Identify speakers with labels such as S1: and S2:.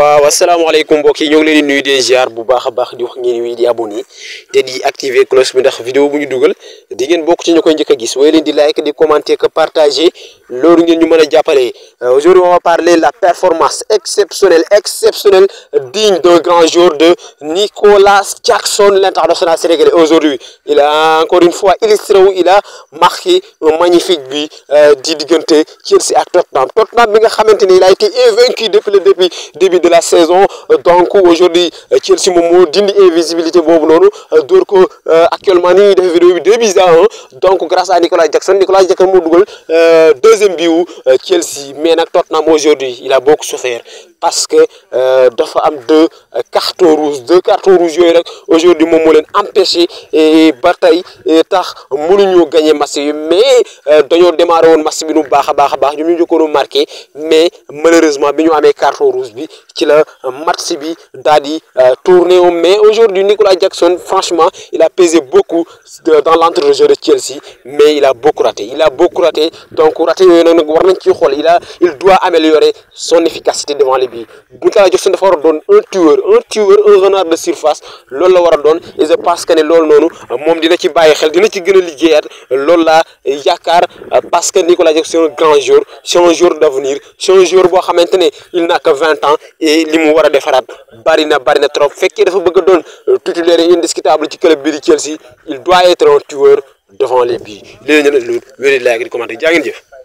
S1: waaw asalaamaaleykum mbokk yi ñoo ngi leen di nuyu di ziar bu baax a baax di wax ngeen di abonné te di activer cloche bi ndax vidéo bu ñu dugal di ngeen bokk ci ñu koy gis way di like di commenter que partager loolu ñu a aujourd'hui on va parler la performance exceptionnelle exceptionnelle digne d'un grand jour de Nicolas Jackson l'international sénégalais aujourd'hui il a encore une fois illustré où il a marqué un magnifique but euh, di diggante Chelsea ak Tottenham Tottenham bi nga xamante il a été invaincu depuis le début début de la saison donc aujourd'hui Chelsea Moumou dindi invisibilité bonjour noonu donc euh, actuellement il est def vidéo bi donc grâce à Nicolas Jackson Nicolas Jackson Moumou euh, deuxième bio, euh, Chelsea mais nak Tottenham aujourd'hui il a beaucoup souffert parce que euh, dafa deux euh, cartes rouges deux cartes rouges aujourd'hui moom len a empêché Et bataille euh, tax mënuñoo gagner match yi mais dañoo démarré won match bi nu a baax ñu ñu marqué mais malheureusement biñu amé mis rouge bi ci la match bi dadi tourner tourné mais aujourd'hui Nicolas Jackson franchement il a pesé beaucoup dans l'entrée de Chelsea mais il a beaucoup raté il a beaucoup raté donc war il il doit améliorer son efficacité devant les bi Nicolas Jackson dafa war a doon un tueur un tueur un renard de surface loolu la war a doon et je pense que ne loolu noonu moom dina ci bàyyi xel dina ci gën a liggéeyaat loolu laa yaakaar parce que Nicolas Jackson c'est un grand joueur c'est un joueur d'avenir c'est un joueur boo xamante ne il n'a que vingt ans et li mu war a defaraat bari na bari na trop fekkee dafa bëgg a doon titulaire indiscutable ci club bi di Chelsea il doit être un tueur devant les buts léegi ñu ne lu wéri laa ngi di commenté jaa ngeen jëf